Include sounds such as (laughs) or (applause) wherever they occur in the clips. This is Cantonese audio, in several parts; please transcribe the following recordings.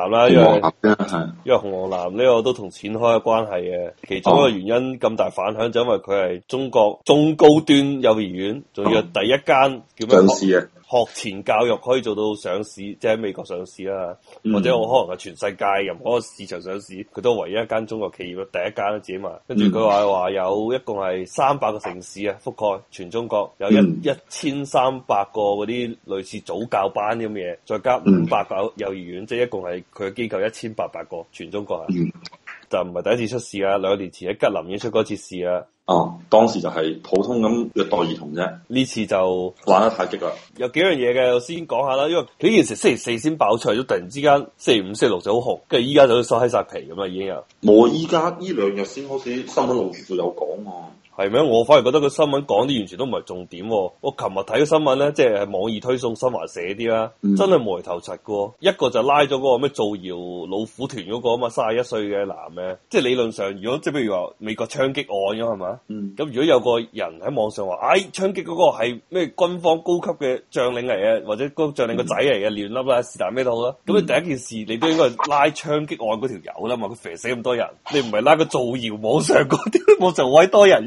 因為因為紅黃藍呢個都同錢開嘅關係嘅，其中一個原因咁大反響就因為佢係中國中高端幼兒園，仲要係第一間叫咩？學前教育可以做到上市，即係喺美國上市啊，嗯、或者我可能係全世界任何個市場上市，佢都唯一一間中國企業嘅第一間啊，只嘛。跟住佢話話有一共係三百個城市啊，覆蓋全中國，有一一千三百個嗰啲類似早教班咁嘅嘢，再加五百個幼兒園，即係、嗯、一共係佢嘅機構一千八百個全中國啊。嗯就唔係第一次出事啊！兩年前喺吉林已經出過一次事啊！哦，當時就係普通咁虐待兒童啫。呢次就玩得太激啦！有幾樣嘢嘅，我先講下啦。因為呢件事星期四先爆出嚟，都突然之間星期五、星期六就好紅，跟住依家就收閪晒皮咁啦，已經有。我依家呢兩日先開始新聞度有講啊。係咩？我反而覺得個新聞講啲完全都唔係重點，哦。我琴日睇個新聞咧，即係網易推送新華社啲啦，嗯、真係埋頭實個，哦。一個就拉咗嗰個咩造謠老虎團嗰個啊嘛，三十一歲嘅男嘅。即係理論上，如果即係譬如話美國槍擊案咗，係嘛，咁、嗯、如果有個人喺網上話，唉、哎，槍擊嗰個係咩軍方高級嘅將領嚟嘅，或者高級將領個仔嚟嘅，亂笠笠是但咩都好啦。咁你第一件事，你都應該拉槍擊案嗰條友啦嘛，佢射死咁多人，你唔係拉個造謠網上嗰啲， (laughs) 網上位多人。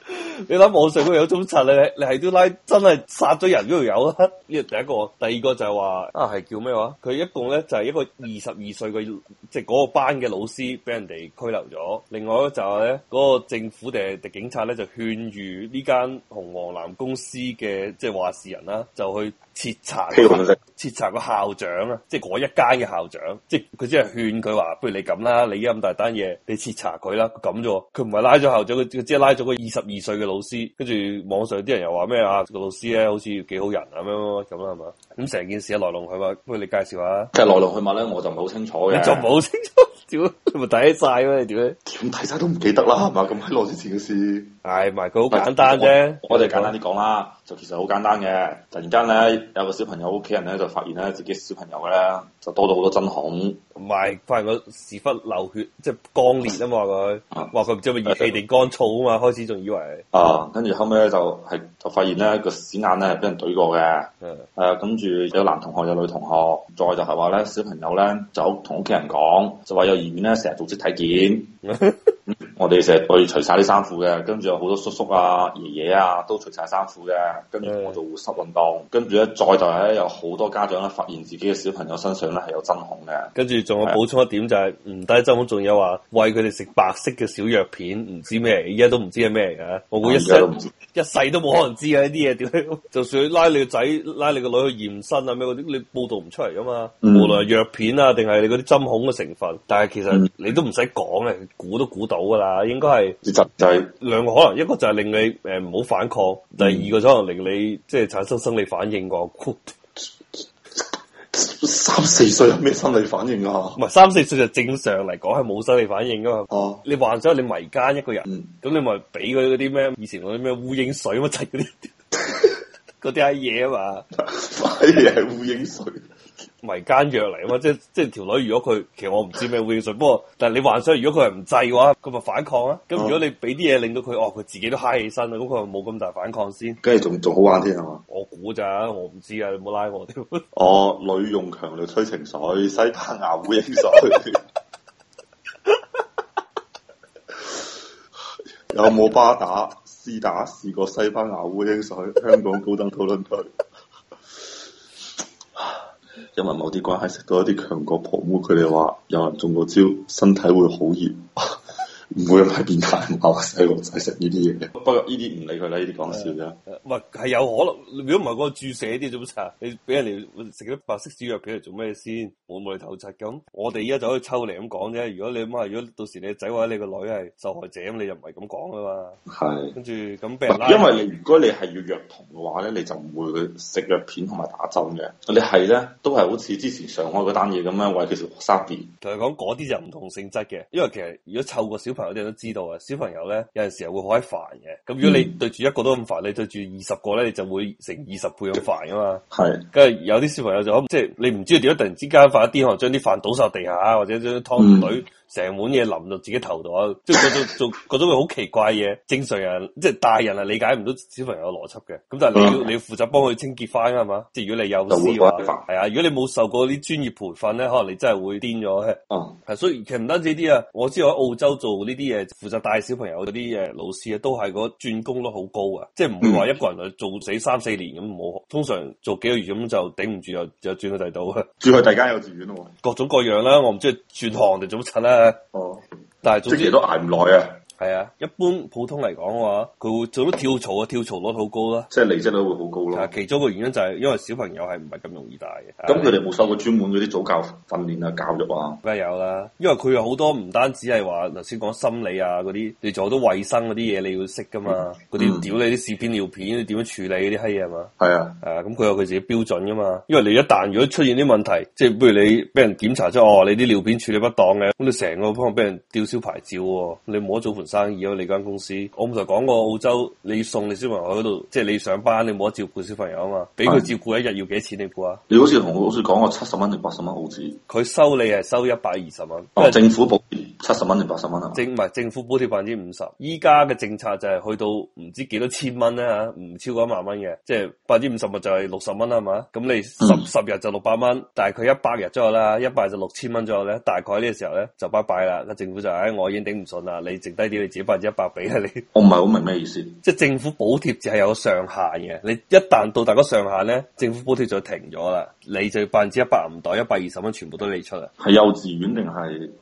你諗網上都有種賊，你你係都拉真係殺咗人嗰度有，啦。呢個第一個，第二個就係話啊，係叫咩話？佢一共咧就係、是、一個二十二歲嘅，即係嗰個班嘅老師俾人哋拘留咗。另外咧就係咧嗰個政府定係警察咧就勸喻呢間紅黃藍公司嘅即係話事人啦，就去徹查，徹查個校長啦，即係嗰一間嘅校長，即係佢即係勸佢話，不如你咁啦，你咁大單嘢，你徹查佢啦，咁啫。佢唔係拉咗校長，佢即係拉咗個二十二歲嘅。老師跟住網上啲人又話咩啊、這個老師咧好似幾好人咁、啊、樣咁啦係嘛，咁成件事、啊、來龍去脈，不如你介紹下。即係來龍去脈咧，我就唔係好清楚嘅。你就唔係好清楚點？咪睇晒咩？點解？點睇晒都唔記得啦，係嘛？咁係羅之前嘅事，係咪？佢好簡單啫。我哋簡單啲講啦。其實好簡單嘅，突然間咧有個小朋友屋企人咧就發現咧自己小朋友嘅咧就多咗好多針孔，同埋發現個屎忽流血，即係肛裂啊嘛佢，話佢唔知咪異地定乾燥啊嘛，嘛嗯、開始仲以為，啊，跟住後尾咧就係發現咧個屎眼咧係俾人懟過嘅，誒、嗯，跟住、啊、有男同學有女同學，再就係話咧小朋友咧就同屋企人講，就話幼兒園咧成日組織體檢。 (laughs) 我哋成日去除晒啲衫褲嘅，跟住有好多叔叔啊、爺爺啊都除晒衫褲嘅，跟住我做濕運動，跟住咧再就係咧有好多家長咧發現自己嘅小朋友身上咧係有針孔嘅，跟住仲有補充一點就係唔單止針孔，仲有話餵佢哋食白色嘅小藥片，唔知咩家都唔知係咩嘅。我估一世一世都冇可能知啊！啲嘢點咧？就算拉你個仔、拉你個女去驗身啊咩嗰啲，你報道唔出嚟啊嘛。無論藥片啊定係你嗰啲針孔嘅成分，但係其實你都唔使講嘅，估都估到㗎啦。啊，應該係就係兩個可能，一個就係令你誒唔好反抗，第二個可能令你即係、就是、產生生理反應。三四歲有咩生理反應啊？唔係三四歲就正常嚟講係冇生理反應噶嘛。哦、啊，你話咗你迷奸一個人，咁、嗯、你咪俾佢嗰啲咩以前嗰啲咩烏蠅水乜柒嗰啲嗰啲閪嘢啊嘛？反而係烏蠅水。 (laughs) 迷奸藥嚟啊嘛，即係即係條女，如果佢其實我唔知咩烏蠅水， (laughs) 不過但係你幻想，如果佢係唔制嘅話，佢咪反抗啦。咁如果你俾啲嘢令到佢，哦，佢自己都嗨起身啦，咁佢冇咁大反抗先，跟住仲仲好玩啲係嘛？我估咋，我唔知啊，你唔好拉我添。哦、 (laughs) 呃，女用強力催情水，西班牙烏蠅水， (laughs) (laughs) 有冇巴打試打試過西班牙烏蠅水？香港高登討論區。因為某啲關係，食到一啲強國婆母，佢哋話有人中過招，身體會好熱。 (laughs) 唔會太變態，唔係 (laughs) 話細路仔食呢啲嘢嘅。不過呢啲唔理佢啦，呢啲講笑啫。唔係，係有可能，如果唔係嗰個注射啲做乜柒？你俾人哋食咗白色小藥片嚟做咩先？我冇嚟透察咁，我哋而家就可以抽嚟咁講啫。如果你媽，如果到時你仔或者你個女係受害者咁，你就唔係咁講噶嘛。係的。跟住咁俾人拉，因為你如果你係要虐童嘅話咧，你就唔會去食藥片同埋打針嘅。你係咧，都係好似之前上海嗰單嘢咁樣，為佢做沙皮。佢實講嗰啲就唔同性質嘅，因為其實如果湊個小朋友。朋友哋都知道啊，小朋友咧，有陣時候會好閪煩嘅。咁如果你對住一個都咁煩，你對住二十個咧，你就會成二十倍咁煩噶嘛。係，跟住有啲小朋友就可，即係你唔知點解突然之間發一啲，可能將啲飯倒晒地下，或者將湯水。成碗嘢淋到自己頭度啊！即係嗰種做嗰種好奇怪嘢，正常人即係、就是、大人係理解唔到小朋友邏輯嘅。咁但係你， (laughs) 你要你要負責幫佢清潔翻噶嘛？即係如果你幼師嘅話係啊，如果你冇受過啲專業培訓咧，可能你真係會癲咗。係，所以其實唔單止啲啊，我知道喺澳洲做呢啲嘢，負責帶小朋友嗰啲嘢老師啊，都係個轉工率好高啊！即係唔會話一個人去做死三四年咁冇，通常做幾個月咁就頂唔住又又轉去第度，轉去第間幼稚園咯。各種各樣啦，我唔知轉行定做乜柒啦。哦，但係即係都挨唔耐啊！係啊，一般普通嚟講嘅話，佢會做到跳槽啊，跳槽率好高啦，即係離職率會好高咯。其中一個原因就係因為小朋友係唔係咁容易大嘅。咁佢哋冇收過專門嗰啲早教訓練啊、教育啊？梗係有啦，因為佢有好多唔單止係話，頭先講心理啊嗰啲，你做好多衛生嗰啲嘢，你要識噶嘛？嗰啲屌你啲屎片尿片你點樣處理嗰啲閪嘢嘛？係的啊，啊咁佢有佢自己標準噶嘛？因為你一旦如果出現啲問題，即係譬如你俾人檢查出哦你啲尿片處理不當嘅，咁你成個方俾人吊銷牌照，你冇得做生意啊，你間公司，我唔就講過澳洲，你送你小朋友去嗰度，即係你上班，你冇得照顧小朋友啊嘛，俾佢照顧一日要幾多錢你估啊？你好似同我好似講過七十蚊定八十蚊，好似佢收你係收一百二十蚊，哦、因為政府補七十蚊定八十蚊啊？政唔係政府補貼百分之五十，依家嘅政策就係去到唔知幾多千蚊咧吓，唔、啊、超過一萬蚊嘅，即係百分之五十咪就係六十蚊啦嘛。咁你十十、嗯、日就六百蚊，但係佢一百日咗右啦，一百就六千蚊咗右咧，大概6，呢大概個時候咧就拜拜啦。政府就唉、哎，我已經頂唔順啦，你剩低啲，你自己百分之一百俾啊你。我唔係好明咩意思，即係政府補貼就係有上限嘅，你一旦到達嗰上限咧，政府補貼就停咗啦，你就百分之一百唔袋，一百二十蚊全部都你出啊。係幼稚園定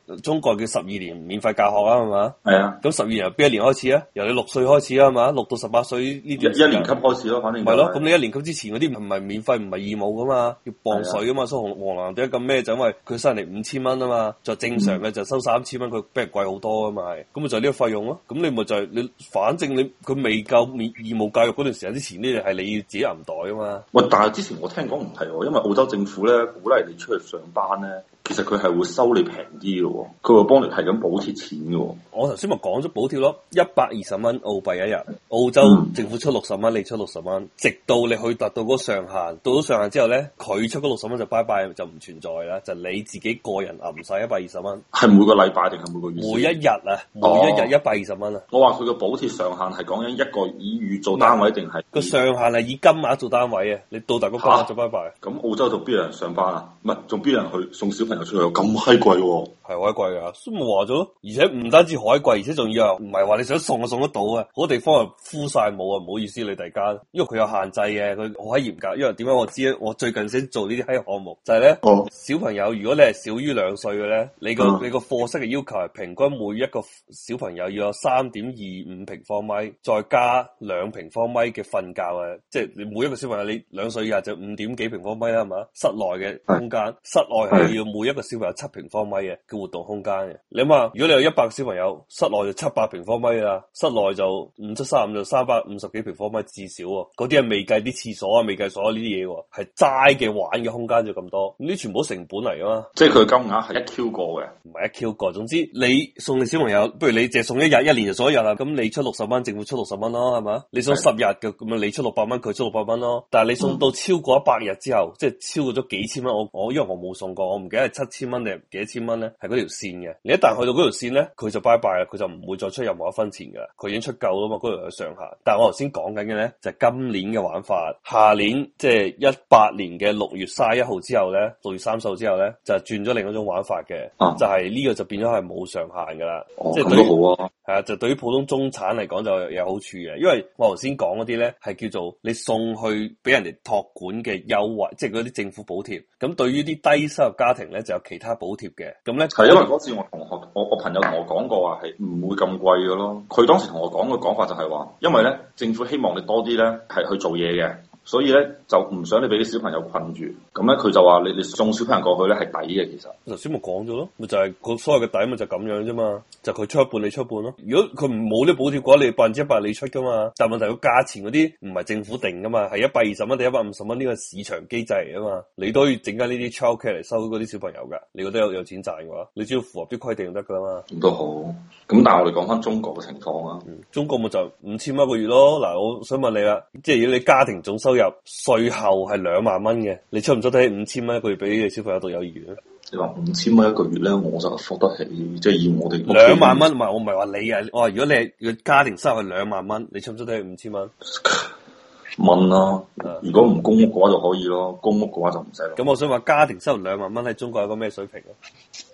係中國嘅十？二年免費教學啊，係嘛？係啊。咁十二年由邊一年開始啊？由你六歲開始啊，係嘛？六到十八歲呢段。一年級開始咯，反正、就係。係咯、啊，咁你一年級之前嗰啲唔係免費，唔係義務噶嘛，要磅水噶嘛。所以紅黃藍一咁咩就因為佢收人哋五千蚊啊嘛，就正常嘅就收三千蚊，佢、嗯、比人貴好多啊嘛係。咁咪就係呢個費用咯。咁你咪就係、係、你，反正你佢未夠免義務教育嗰段時間之前咧，係你自己揞袋啊嘛。喂，但係之前我聽講唔係喎，因為澳洲政府咧鼓勵你出去上班咧。其實佢係會收你平啲嘅，佢會幫你係咁補貼錢嘅，哦。我頭先咪講咗補貼咯，一百二十蚊澳幣一日。澳洲政府出六十蚊，你出六十蚊，直到你去達到嗰上限。到咗上限之後咧，佢出嗰六十蚊就拜拜，就唔存在啦。就是，你自己個人揞晒一百二十蚊。係每個禮拜定係每個月？每一日啊，每一日一百二十蚊啊。哦，我話佢個補貼上限係講緊一個以月做，做單位，定係個上限係以金額做單位啊？你到達嗰金額就拜拜。咁，啊，澳洲就邊有人上班啊？唔係，仲邊有人去送小朋友？仲有咁閪貴喎，係海貴啊，咪話咗咯。而且唔單止海貴，而且仲要，唔係話你想送就送得到嘅。好、那個、地方係敷晒冇啊，唔好意思嚟，大家，因為佢有限制嘅，佢好閪嚴格。因為點解我知咧？我最近先做呢啲閪項目，就係、是、咧，oh. 小朋友如果你係少於兩歲嘅咧，你個、uh huh. 你個課室嘅要求係平均每一個小朋友要有三點二五平方米，再加兩平方米嘅瞓覺啊，即係你每一個小朋友你兩歲以下就五點幾平方米啦，係嘛？室內嘅空間，uh huh. 室內係要每要、uh。Huh. 一個小朋友七平方米嘅，叫活動空間嘅。你諗下，如果你有一百個小朋友，室內就七百平方米啦，室內就五七三就三百五十幾平方米，至少喎。嗰啲係未計啲廁所啊、未計所有呢啲嘢喎，係齋嘅玩嘅空間就咁多。呢啲全部成本嚟嘅嘛，即係佢金額係一 Q 過嘅，唔係一 Q 過。總之你送你小朋友，不如你淨送一日，一年就送一日啦。咁你出六十蚊，政府出六十蚊咯，係嘛？你送十日嘅，咁啊是你出六百蚊，佢出六百蚊咯。但係你送到超過一百日之後，嗯、即係超過咗幾千蚊，我我因為我冇送過，我唔記得。七千蚊定幾多千蚊咧？係嗰條線嘅。你一旦去到嗰條線咧，佢就拜拜啦，佢就唔會再出任何一分錢噶啦。佢已經出夠啦嘛，嗰條有上限。但係我頭先講緊嘅咧，就係今年嘅玩法，下年即係一八年嘅六月卅一號之後咧，六月三十號之後咧，就轉咗另一種玩法嘅，就係呢個就變咗係冇上限噶啦。即咁都好啊。係啊，就對於普通中產嚟講就有好處嘅，因為我頭先講嗰啲咧係叫做你送去俾人哋託管嘅優惠，即係嗰啲政府補貼。咁對於啲低收入家庭咧。就有其他補貼嘅，咁咧係因為嗰次我同學、我我朋友同我講過話，係唔會咁貴嘅咯。佢當時同我講嘅講法就係話，因為咧政府希望你多啲咧係去做嘢嘅。所以咧就唔想你俾啲小朋友困住，咁咧佢就話你你送小朋友過去咧係抵嘅，其實。嗱，頭先咪講咗咯，咪就係、是、個所謂嘅抵咪就咁樣啫嘛，就佢、是、出一半你出一半咯。如果佢唔冇啲補貼嘅話，你百分之一百你出噶嘛。但係問題個價錢嗰啲唔係政府定噶嘛，係一百二十蚊定一百五十蚊呢個市場機制嚟啊嘛。你都要整間呢啲 childcare 嚟收嗰啲小朋友噶，你覺得有有錢賺嘅話，你只要符合啲規定就得噶啦嘛。咁都好，咁但係我哋講翻中國嘅情況啊，中國咪就五千蚊一個月咯。嗱，我想問你啦，即係如果你家庭總收入。稅後係兩萬蚊嘅，你出唔出得起五千蚊一個月俾小朋友讀幼兒園？你話五千蚊一個月咧，我就付得起，即係以我哋兩萬蚊，唔係我唔係話你啊，我話如果你個家庭收入兩萬蚊，你出唔出得起五千蚊？ (laughs) 問啦、啊，如果唔供屋嘅話就可以咯，供屋嘅話就唔使。咁我想話家庭收入兩萬蚊喺中國有個咩水平啊？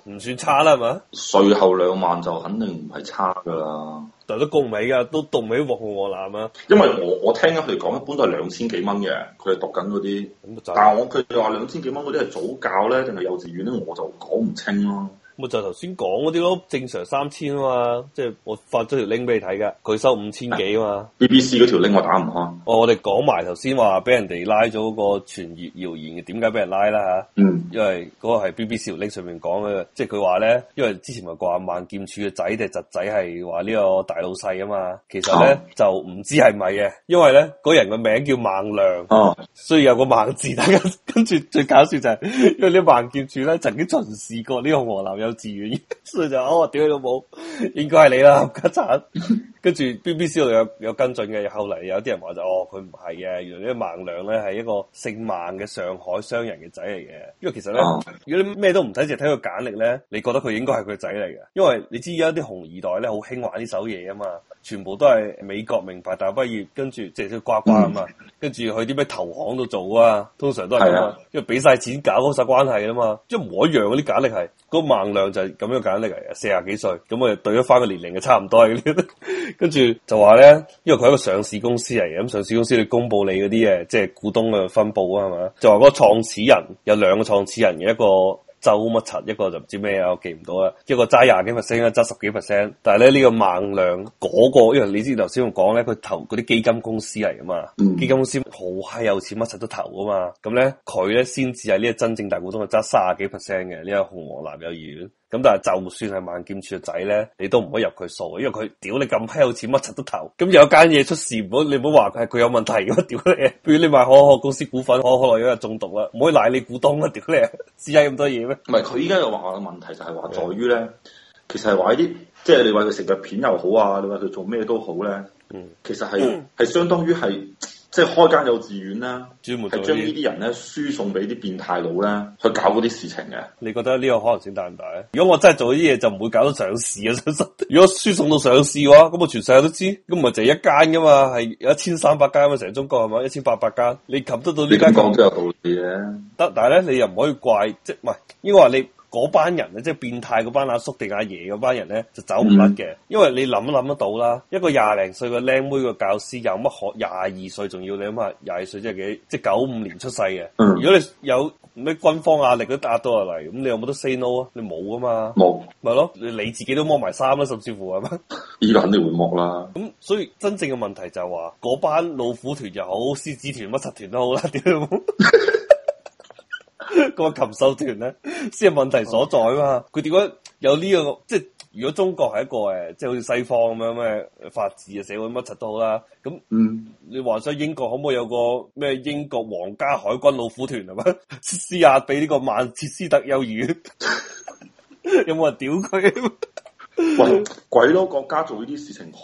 唔 (laughs) 算差啦，係咪？稅後兩萬就肯定唔係差噶啦。但都供唔起噶，都讀唔起臥龍南啊。因為我我聽咗佢哋講，一般都係兩千幾蚊嘅，佢係讀緊嗰啲。但係我佢又話兩千幾蚊嗰啲係早教咧，定係幼稚園咧，我就講唔清咯。咪就頭先講嗰啲咯，正常三千啊嘛，即係我發咗條 link 俾你睇嘅，佢收五千幾啊嘛。B B C 嗰條 link 我打唔開。哦，我哋講埋頭先話俾人哋拉咗嗰個傳謠言嘅，點解俾人拉啦吓？嗯，因為嗰個係 B B C 條 link 上面講嘅，即係佢話咧，因為之前咪掛孟建柱嘅仔定侄仔係話呢個大老細啊嘛，其實咧、啊、就唔知係咪嘅，因為咧嗰人嘅名叫孟亮，啊、所以有個孟字。大家跟住最搞笑就係、是，因為劍呢孟建柱咧曾經巡視過呢個河南人。幼稚園，所以就哦，屌你老母，應該係你啦，冚家鏟。跟住 B B C 度有有跟進嘅，後嚟有啲人話就哦佢唔係嘅，原來呢孟良咧係一個姓孟嘅上海商人嘅仔嚟嘅。因為其實咧，嗯、如果你咩都唔睇，淨睇個簡歷咧，你覺得佢應該係佢仔嚟嘅。因為你知而家啲紅二代咧好興玩呢手嘢啊嘛，全部都係美國名牌大學畢業，跟住即係啲呱呱啊嘛，跟住去啲咩投行度做啊，通常都樣、嗯、係樣啊，因為俾晒錢搞曬關係啊嘛，即係唔一樣嗰啲簡歷係，嗰、那、孟、個、良就係咁樣簡歷嚟嘅，四廿幾歲，咁我又對得翻個年齡係差唔多嘅。 (laughs) 跟住就話咧，因為佢係一個上市公司嚟，咁上市公司你公布你嗰啲嘢，即係股東嘅分佈啊，係嘛？就話嗰個創始人有兩個創始人嘅一個周乜柒，一個就唔知咩啊，我記唔到啦，一個揸廿幾 percent，一個揸十幾 percent。但係咧呢、這個呢個孟良嗰、嗰個，因為你知頭先我講咧，佢投嗰啲基金公司嚟啊嘛，基金公司好閪有錢，乜柒都投啊嘛。咁咧佢咧先至係呢，呢個真正大股東，係揸三十幾 percent 嘅呢個紅黃藍幼兒園。咁但係就算係萬箭嘅仔咧，你都唔可以入佢數，因為佢屌你咁批好錢，乜柒都投，咁有間嘢，出事唔好你唔好話佢佢有問題果屌你！比如你買可可公司股份，可可樂有人中毒啦，唔可以賴你股東啊，屌你！知晒咁多嘢咩？唔係佢依家又話嘅問題就係話在於咧，其實係話呢啲，即係你話佢食藥片又好啊，你話佢做咩都好咧，嗯，其實係係、嗯、相當於係。即係開間幼稚園啦，專門將呢啲人咧輸送俾啲變態佬咧去搞嗰啲事情嘅。你覺得呢個可能性大唔大咧？如果我真係做啲嘢，就唔會搞到上市啊！如果輸送到上市嘅話，咁我全世界都知，咁唔係淨係一間噶嘛，係有一千三百間啊，成中國係咪？一千八百間，你及得到呢間？你咁講都有道理嘅。得，但係咧，你又唔可以怪，即係唔係應該話你。嗰班人咧，即係變態嗰班阿叔定阿爺嗰班人咧，就走唔甩嘅，嗯、因為你諗都諗得到啦。一個廿零歲嘅靚妹個教師有乜學，廿二歲仲要，你諗下廿二歲即係幾，即九五年出世嘅。嗯、如果你有咩軍方壓力都壓到落嚟，咁你有冇得 say no 啊？你冇啊嘛，冇咪沒咯？你自己都摸埋衫啦，甚至乎係咪？依個肯定會摸啦。咁所以真正嘅問題就係話，嗰班老虎團又好，獅子團乜柒團都好啦。 (laughs) 個禽獸團咧，先係問題所在啊嘛！佢點解有呢、這個？即係如果中國係一個誒，即係好似西方咁樣咩法治嘅社會，乜柒都好啦。咁，mm. 你話咗英國可唔可以有個咩英國皇家海軍老虎團係嘛？施壓俾呢個曼徹斯特幼兒園， (laughs) 有冇人屌佢？ (laughs) 喂，鬼佬國家做呢啲事情好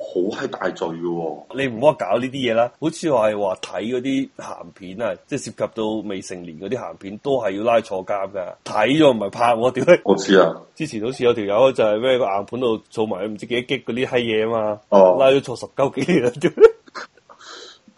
好係大罪噶、哦，你唔好搞呢啲嘢啦。好似話係話睇嗰啲咸片啊，即係涉及到未成年嗰啲咸片，都係要拉坐監噶。睇咗唔係拍我屌你！我,我知啊，之前好似有條友就係咩個硬盤度做埋唔知幾多 G 嗰啲閪嘢啊嘛，拉咗坐十鳩幾年啊！ (laughs)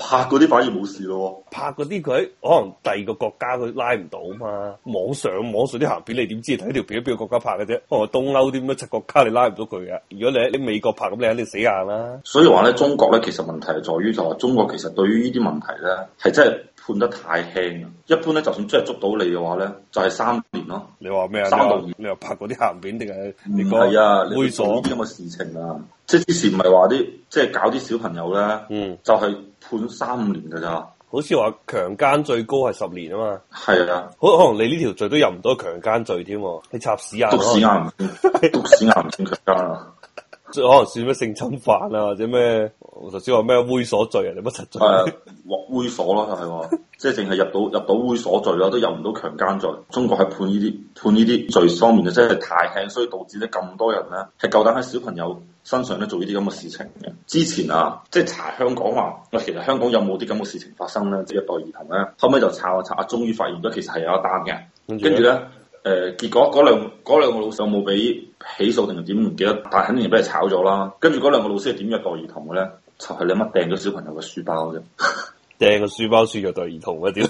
拍嗰啲反而冇事咯，哦，拍嗰啲佢可能第二個國家佢拉唔到嘛。網上網上啲行片你點知？睇條片喺邊個國家拍嘅啫。哦，東歐啲咩嘅七國家你拉唔到佢嘅。如果你喺啲美國拍，咁你肯定死硬啦。所以話咧，中國咧其實問題係在於就話中國其實對於呢啲問題咧係真係判得太輕。一般咧，就算真係捉到你嘅話咧，就係、是、三年咯。你話咩啊？三年你話拍嗰啲行片定係唔係啊？猥瑣呢啲咁嘅事情啊，即係、嗯、之前唔係話啲即係搞啲小朋友咧，就是、就是嗯，就係、嗯。判咗三年噶咋？好似話強奸最高係十年啊嘛。係啊的，好可能你呢條罪都入唔到強奸罪添，你插屎啊，篤屎眼， (laughs) 篤屎啊，唔 (laughs) 算強奸啊！ (laughs) (laughs) 即係可能算咩性侵犯啊，或者咩我頭先話咩猥瑣罪啊，你乜柒罪？誒，猥瑣咯，係嘛？即係淨係入到入到猥瑣罪咯，都入唔到強姦罪。中國係判呢啲判呢啲罪方面啊，真係太輕，所以導致咧咁多人咧係夠膽喺小朋友身上咧做呢啲咁嘅事情嘅。之前啊，即係查香港話，喂，其實香港有冇啲咁嘅事情發生咧？即係虐待兒童咧？後尾就查下查下，終於發現咗，其實係有一單嘅。跟住咧？誒、呃，結果嗰兩嗰兩個老師有冇俾起訴定係點唔記得，但係肯定係俾人炒咗啦。跟住嗰兩個老師係點虐待兒童嘅咧？就係、是、你乜掟咗小朋友嘅書包啫，掟個書包算虐待兒童嘅點？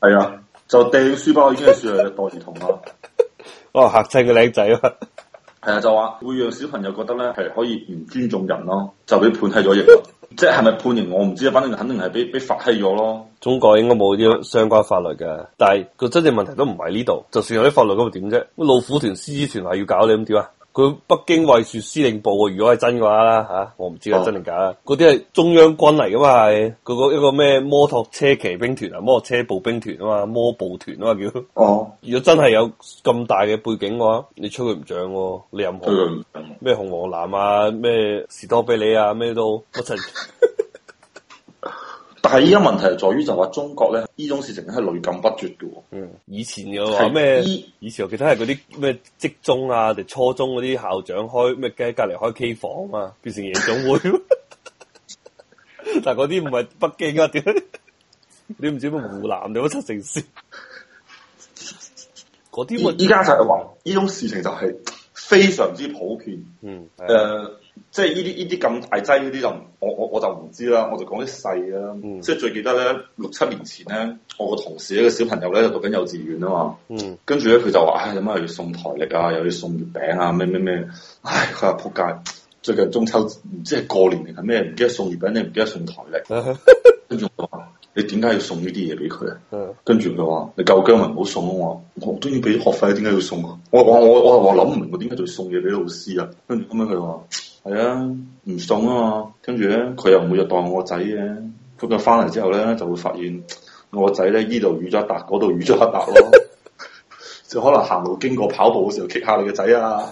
係 (laughs) 啊，就掟書包已經係算虐待兒童啦。哦，吓親個靚仔啊？係 (laughs) (laughs) 啊，就話會讓小朋友覺得咧係可以唔尊重人咯，就俾判欺咗刑。 (laughs) 即係咪判刑我唔知啊，反正肯定係俾俾罰欺咗咯。中國應該冇啲相關法律嘅，但係、這個真正問題都唔係呢度，就算有啲法律咁點啫？老虎團、獅子團係要搞你咁點啊？佢北京衛戍司令部，如果係真嘅話吓，我唔知係真定、哦、假。嗰啲係中央軍嚟噶嘛？係嗰個一個咩摩托車騎兵團啊，摩托車步兵團啊嘛，摩步團啊嘛叫。哦，如果真係有咁大嘅背景嘅話，你吹佢唔漲？你有任何咩、嗯、紅黃藍啊，咩士多啤梨啊，咩都一陣。 (laughs) (laughs) 但係依家問題在於就話中國咧，呢種事情係屢禁不絕嘅、哦。嗯，以前嘅話咩？是以前我記得係嗰啲咩職中啊，定初中嗰啲校長開咩？跟隔籬開 K 房啊，變成夜總會、啊。 (laughs) 但係嗰啲唔係北京啊？點解？你唔知湖南嗰七城市？嗰啲依依家就係、是、話，呢種事情就係非常之普遍。嗯，係即係呢啲呢啲咁大劑嗰啲就我我我就唔知啦，我就講啲細啦。嗯、即係最記得咧，六七年前咧，我個同事一個小朋友咧就讀緊幼稚園啊嘛。嗯、跟住咧佢就話，唉，點解要送台曆啊？又要送月餅啊？咩咩咩？唉，佢話撲街，最近中秋節唔知係過年定係咩？唔記得送月餅、uh huh.，你唔記得送台曆。Uh huh. 跟住我話：你點解要送呢啲嘢俾佢啊？跟住佢話：你夠薑文唔好送啊！我我都要俾學費，點解要送啊？我話我我我諗唔明，我點解仲要送嘢、啊、俾老師啊？跟住咁樣佢話。係啊，唔送啊嘛，跟住咧，佢又唔會日當我仔嘅，咁佢翻嚟之後咧，就會發現我個仔咧，依度淤咗一笪，嗰度淤咗一笪咯， (laughs) 就可能行路經過跑步嘅時候，棘下你個仔啊，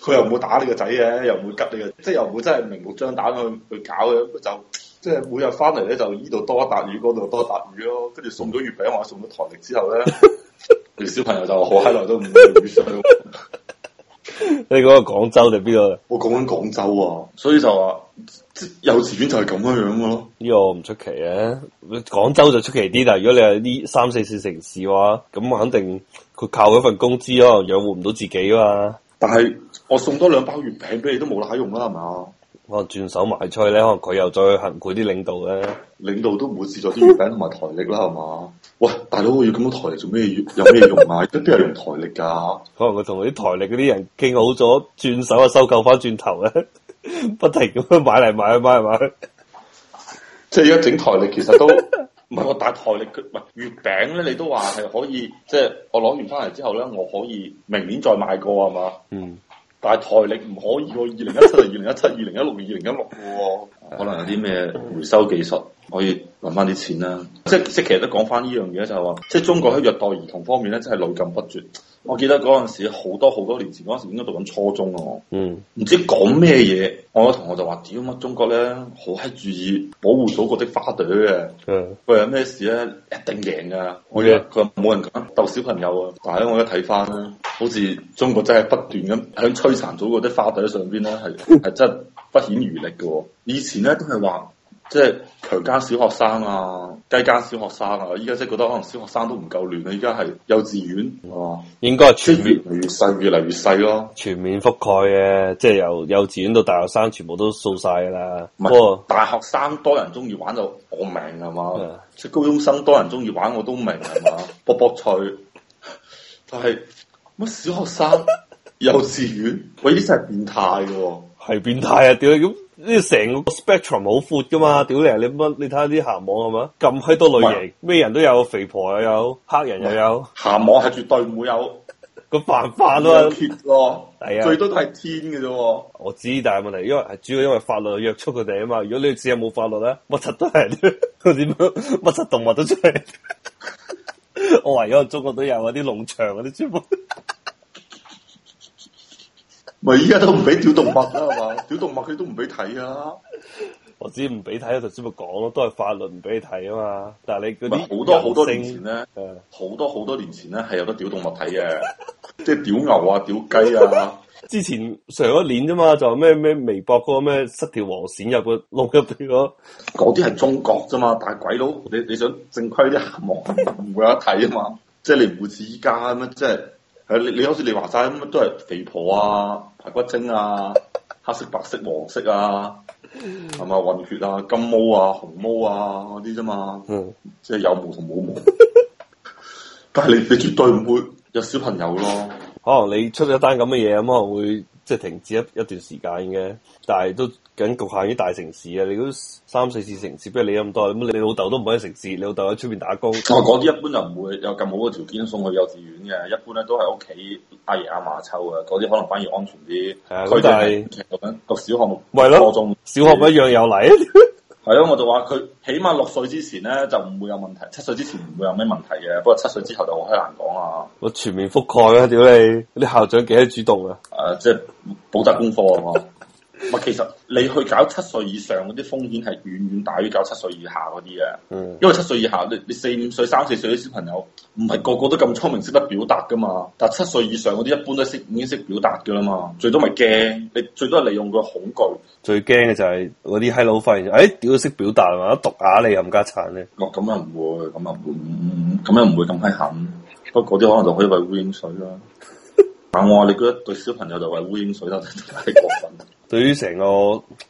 佢又唔會打你個仔嘅，又唔會急你嘅，即係又唔會真係明目張膽去去搞嘅，就即係每日翻嚟咧，就依度多一笪淤，嗰度多一笪淤咯，跟住送咗月餅或者送咗台力之後咧，啲 (laughs) 小朋友就話好閪耐都唔淤水。 (laughs) (laughs) 你講個廣州定邊個？我講緊廣州啊，所以就話幼稚園就係咁樣樣嘅咯。呢個唔出奇啊，廣州就出奇啲。但係如果你係呢三四線城市嘅話，咁肯定佢靠嗰份工資可能養活唔到自己啊嘛。但係我送多兩包月餅俾你都冇乸用啦，係嘛？可能轉手賣出去咧，可能佢又再去行賄啲領導咧。領導都唔會試咗啲月餅同埋台曆啦，係嘛？ (laughs) 喂，大佬，我要咁多台歷嚟做咩？有咩用啊？咁邊 (laughs) 係用台曆噶？可能佢同啲台曆嗰啲人傾好咗，轉手啊收購翻轉頭咧， (laughs) 不停咁樣買嚟買，買，買去買係嘛？即係而家整台曆，其實都唔係 (laughs) 我打台曆，唔係月餅咧，你都話係可以，即係我攞完翻嚟之後咧，我可以明年再買過係嘛？嗯。但係台曆唔可以喎、哦，二零一七、二零一七、二零一六、二零一六嘅喎，可能有啲咩回收技術。可以攞翻啲錢啦！即即，其實都講翻呢樣嘢就係話，即中國喺虐待兒童方面咧，真係屢禁不絕。我記得嗰陣時好多好多年前嗰陣時，應該讀緊初中啊，我，嗯，唔知講咩嘢，我有同學就話：屌乜中國咧，好閪注意保護好嗰啲花朵嘅。佢有咩事咧？一定贏噶！我嘅佢冇人敢逗小朋友啊。但係我一睇翻咧，好似中國真係不斷咁喺摧殘咗嗰啲花朵上邊咧，係係真係不顯餘力嘅。以前咧都係話。即係強姦小學生啊，雞姦小學生啊！依家即係覺得可能小學生都唔夠亂啊！依家係幼稚園，應該全面越細越嚟越細咯，全面覆蓋啊。即係由幼稚園到大學生全部都掃晒噶啦。不過大學生多人中意玩就我明係嘛，即係的高中生多人中意玩我都明係嘛，卜卜脆。但係乜小學生、幼稚園，我依啲真係變態噶喎，係 (laughs) 變態啊！點解咁？呢成個 spectrum 好闊噶嘛？屌你，你乜？你睇下啲鹹網係嘛？咁閪多類型，咩是人都有，肥婆又有，黑人又有，鹹網係絕對唔會有個犯法都有咯。係啊 (laughs) 有， (laughs) 最多都係天嘅啫。我知，但係問題，因為主要因為法律約束佢哋啊嘛。如果你自己冇法律咧，乜柒都係，點樣乜柒動物都出嚟。 (laughs) 我唯有中國都有啲農場嗰啲專門。 (laughs) 咪依家都唔俾屌動物啦，係嘛？屌動物佢都唔俾睇啊我！我知唔俾睇，啊，就只不過講咯，都係法律唔俾你睇啊嘛。但係你嗰啲好多好多年前咧，好是的 多好多年前咧係有得屌動物睇嘅，即係屌牛啊、屌雞啊。 (laughs) 之前上一年啫嘛，就咩咩微博嗰、那個咩失條黃線入、那個碌入邊嗰，嗰啲係中國啫嘛。但係鬼佬，你你想正規啲行望唔會有得睇啊嘛？即係你唔會似依家咁樣，即係。誒你你好似你話齋咁，都係肥婆啊、排骨精啊、 (laughs) 黑色、白色、黃色啊，係咪 (laughs) 混血啊、金毛啊、紅毛啊嗰啲啫嘛， (laughs) 即係有毛同冇毛，但係你你絕對唔會有小朋友咯。 (laughs) 可能你出咗一單咁嘅嘢咁啊會。即係停止一一段時間嘅，但係都僅局限於大城市啊！你都三四線城市，不如你咁多咁。你老豆都唔喺城市，你老豆喺出邊打工。哦，嗰啲一般就唔會有咁好嘅條件送去幼稚園嘅，一般咧都係屋企阿爺阿嫲湊啊。嗰啲可能反而安全啲。佢哋係讀緊讀小學，唔係咯？初中、小學咪一樣有嚟。係咯，我就話佢起碼六歲之前咧就唔會有問題，七歲之前唔會有咩問題嘅。不過七歲之後就好難講啊。我全面覆蓋啊！屌你，啲校長幾多主動啊？誒、啊，即係補習功課啊嘛，係 (laughs) 其實你去搞七歲以上嗰啲風險係遠遠大於搞七歲以下嗰啲嘅。嗯、因為七歲以下你你四五歲、三四歲啲小朋友唔係個個都咁聰明識得表達噶嘛，但七歲以上嗰啲一般都識已經識表達噶啦嘛，最多咪驚你最多係利用佢恐懼，最驚嘅就係嗰啲閪佬發現，誒、哎，屌識表達啊？毒啞你冚加鏟咧？哦，咁又唔會，咁又唔唔咁又唔會咁閪、嗯、狠，不過嗰啲可能就可以餵烏蠅水啦。但我話你覺得對小朋友就係污煙水臭，太 (laughs) 過分啦。 (laughs) 對於成個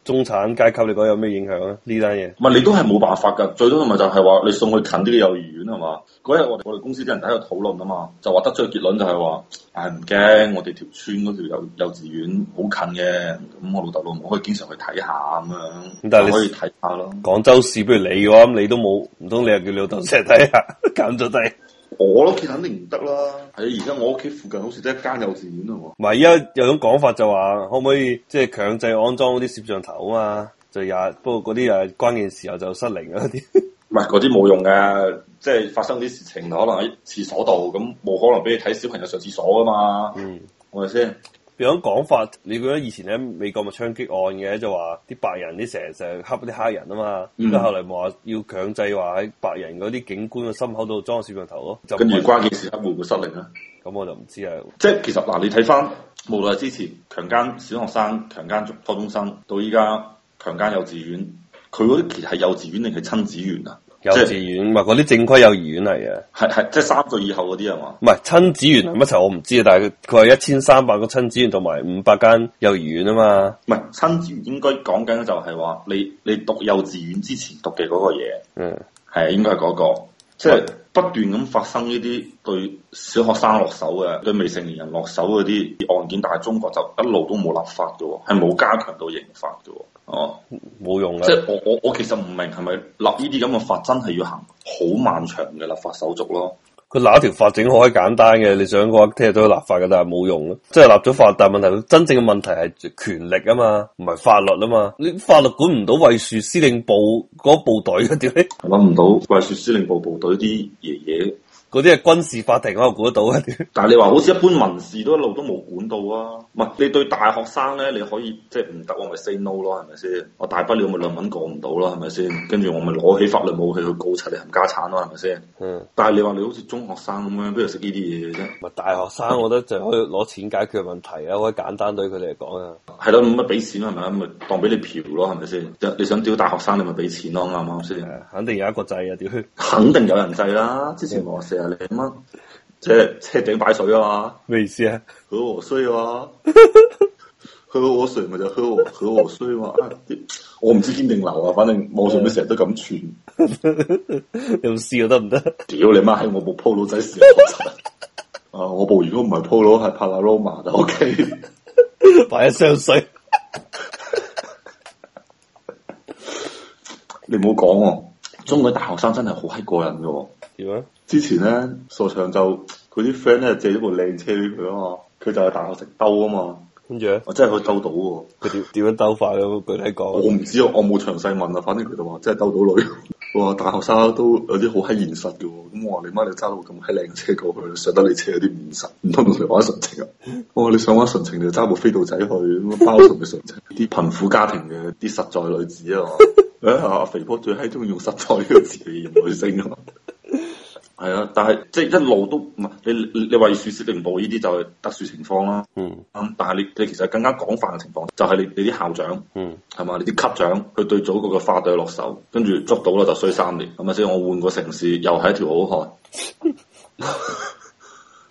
中產階級嚟講，你覺得有咩影響咧？呢單嘢唔係，你都係冇辦法噶，最多咪就係話你送去近啲嘅幼兒園係嘛？嗰日我我哋公司啲人喺度討論啊嘛，就話得出嘅結論就係話唉，唔、哎、驚，我哋條村嗰條幼幼稚園好近嘅，咁我老豆老母可以經常去睇下咁樣。咁但係你可以睇下咯。廣州市不如你嘅話，咁你都冇唔通你又叫你老豆成日睇下，咁就睇。我屋企肯定唔得啦，係而家我屋企附近好似得一間幼稚園啊嘛。唔係，而家有種講法就話，可唔可以即係強制安裝嗰啲攝像頭啊嘛？就也不過嗰啲誒關鍵時候就失靈嗰啲，唔係嗰啲冇用嘅，即係發生啲事情可能喺廁所度，咁冇可能俾你睇小朋友上廁所啊嘛，嗯，我哋先。有種講法，你覺得以前咧美國咪槍擊案嘅，就話啲白人啲成日成日恰啲黑人啊嘛，咁、嗯、後嚟話要強制話喺白人嗰啲警官嘅心口度裝攝像頭咯，嗯、就跟住關鍵時刻會唔會失靈咧？咁我就唔知啦。即係、嗯、其實嗱，你睇翻，無論之前強姦小學生、強姦中初中生，到依家強姦幼稚園，佢嗰啲其實係幼稚園定係親子園啊？幼稚園唔係嗰啲正規幼兒園嚟嘅，係係即係三歲以後嗰啲啊嘛，唔係親子園係乜柒我唔知啊，但係佢話一千三百個親子園同埋五百間幼兒園啊嘛，唔係親子園應該講緊就係話你你讀幼稚園之前讀嘅嗰個嘢，嗯係應該係嗰個，即係、就是、不斷咁發生呢啲對小學生落手嘅，的對未成年人落手嗰啲案件，但係中國就一路都冇立法嘅，係冇加強到刑法嘅。哦，冇用嘅。即係我我我其實唔明係咪立呢啲咁嘅法真係要行好漫長嘅立法手續咯。佢立一條法整好可簡單嘅，你想嘅話聽日都立法嘅，但係冇用咯。即係立咗法，但係問題真正嘅問題係權力啊嘛，唔係法律啊嘛。你法律管唔到衛戍司令部嗰部隊嘅點咧？諗唔到衛戍司令部部隊啲爺爺。嗰啲係軍事法庭，度估得到啊！ (laughs) 但係你話好似一般民事都一路都冇管到啊？唔係你對大學生咧，你可以即係唔得我咪 say no 咯，係咪先？我大不了咪論文過唔到咯，係咪先？跟住我咪攞起法律武器去告出你冚家產咯，係咪先？嗯。但係你話你好似中學生咁樣，不如食呢啲嘢嘅啫？唔係大學生，我覺得就可以攞錢解決問題啊， (laughs) 可以簡單對佢哋嚟講啊。係咯，咁啊俾錢係咪？咁咪當俾你嫖咯，係咪先？你想屌大學生，你咪俾錢咯，啱唔啱先？係，肯定有一個制啊！屌，肯定有人制啦，之前我、嗯 (laughs) 你乜即係即係頂擺水啊？咩意思啊？喝我，、啊、 (laughs) 我水我我衰啊！喝我水咪就喝我喝我水嘛？我唔知堅定流啊，反正網上都成日都咁串， (laughs) 你，行行你笑得唔得？屌你媽，喺我部鋪佬仔笑。啊，我部如果唔係鋪佬，係帕拉羅瑪就 OK，擺 (laughs) 一箱水。 (laughs) (laughs) 你唔好講哦，中國大學生真係好閪過癮嘅。之前咧，傻長就佢啲 friend 咧借咗部靚車俾佢啊嘛，佢就係大學城兜啊嘛，跟住咧我真係可以兜到嘅。佢點點樣兜法咧？具體講我唔知啊，我冇詳細問啊。反正佢就話真係兜到女。我話大學生都有啲好閪現實嘅，咁我話你媽你揸到咁閪靚嘅車過去，上得你車有啲現實，唔通同你玩純情啊？我話你想玩純情就揸部飛度仔去，咁包純嘅純情。啲貧苦家庭嘅啲實在女子、哎、啊，肥婆最閪鍾意用實在呢個字嚟形容女性咯。 (laughs) 係啊，但係即係一路都唔係你你話要雪司令部呢啲就係特殊情況啦。嗯，但係你你其實更加廣泛嘅情況就係你你啲校長，嗯，係嘛，你啲級長去對祖國嘅花隊落手，跟住捉到啦就衰三年，係咪先？所以我換個城市又係一條好漢，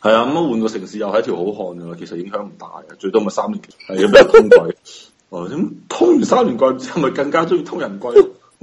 係 (laughs) 啊，咁啊換個城市又係一條好漢嘅，其實影響唔大嘅，最多咪三年。係有咩通鬼？哦，咁通完三年鬼之係咪更加中意通人鬼？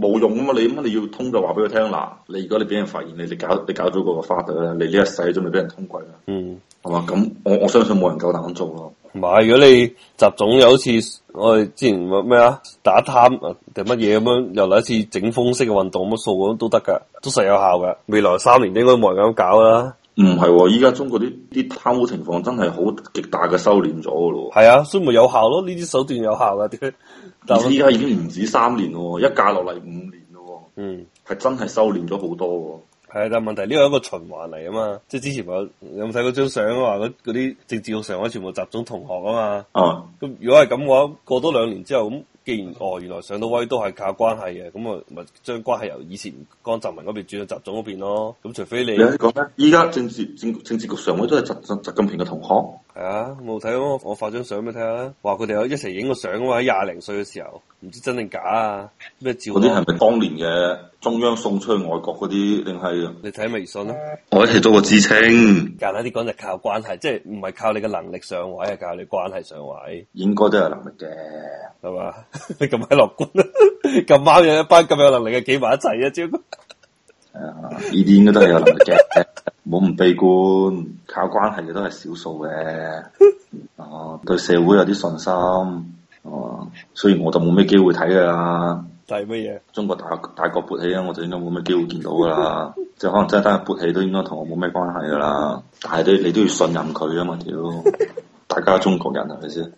冇用啊嘛！你乜你要通就話俾佢聽啦。你如果你俾人發現你你搞你搞咗嗰個花袋咧，你呢一世都未俾人通過啦。嗯，係嘛？咁我我相信冇人夠膽做咯。唔係，如果你習總有一次，我、哎、哋之前乜咩啊打貪定乜嘢咁樣，又嚟一次整風式嘅運動乜數咁都得噶，都實有效噶。未來三年應該冇人敢搞啦、哦。唔係，依家中國啲啲貪污情況真係好極大嘅收斂咗咯。係啊，所以咪有效咯。呢啲手段有效噶。但係依家已經唔止三年咯，一架落嚟五年咯，嗯，係真係收斂咗好多喎。係啊，但係問題呢個係一個循環嚟啊嘛，即係之前我有冇睇過嗰張相啊？話嗰啲政治局常委全部集中同學啊嘛，咁、啊、如果係咁嘅話，過多兩年之後咁，既然哦原來上到位都係靠關係嘅，咁啊咪將關係由以前江澤民嗰邊轉到集總嗰邊咯，咁除非你講咧，依家政治政政治局常委都係習習近平嘅同學。係啊，冇睇，我發張相俾你睇下，話佢哋有一齊影個相啊，喺廿零歲嘅時候，唔知真定假啊，咩照？嗰啲係咪當年嘅中央送出去外國嗰啲，定係？你睇微信咯，啊，我一齊做個知青。簡單啲講就靠關係，即係唔係靠你嘅能力上位啊，靠你關係上位。應該都能是吧 (laughs) (laughs) 有，有能力嘅，係嘛？你咁鬼樂觀，咁啱有一班咁有能力嘅，企埋一齊啊，朱哥啊！呢啲應該都係有能力嘅，冇唔悲觀，靠關係嘅都係少數嘅。哦、啊，對社會有啲信心。哦、啊，所以我就冇咩機會睇噶啦。睇咩嘢？中國大大國勃起啊，我就應該冇咩機會見到噶啦。即係 (laughs) 可能真係單係勃起都應該同我冇咩關係噶啦。但係都你都要信任佢啊嘛，屌！大家中國人係咪先？是